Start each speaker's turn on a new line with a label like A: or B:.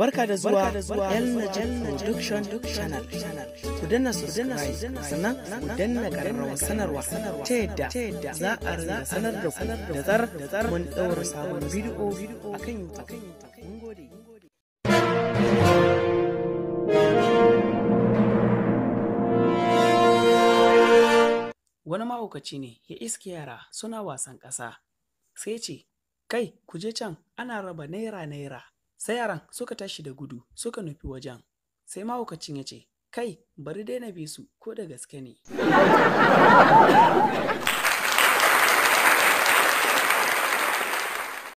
A: Barka da zuwa yalla Janna Production Channel. Ku danna subscribe sannan ku danna ƙararrawar sanarwa ta yadda za a rinda sanar da
B: ku da zar mun ɗaura sabon bidiyo a kan YouTube.
C: Wani mahaukaci ne ya iske yara suna wasan ƙasa, sai ce, Kai, ku je can ana raba naira-naira sai yaran suka tashi da gudu suka nufi wajen sai mahaukacin ya ce kai bari dai na bi su ko da gaske ne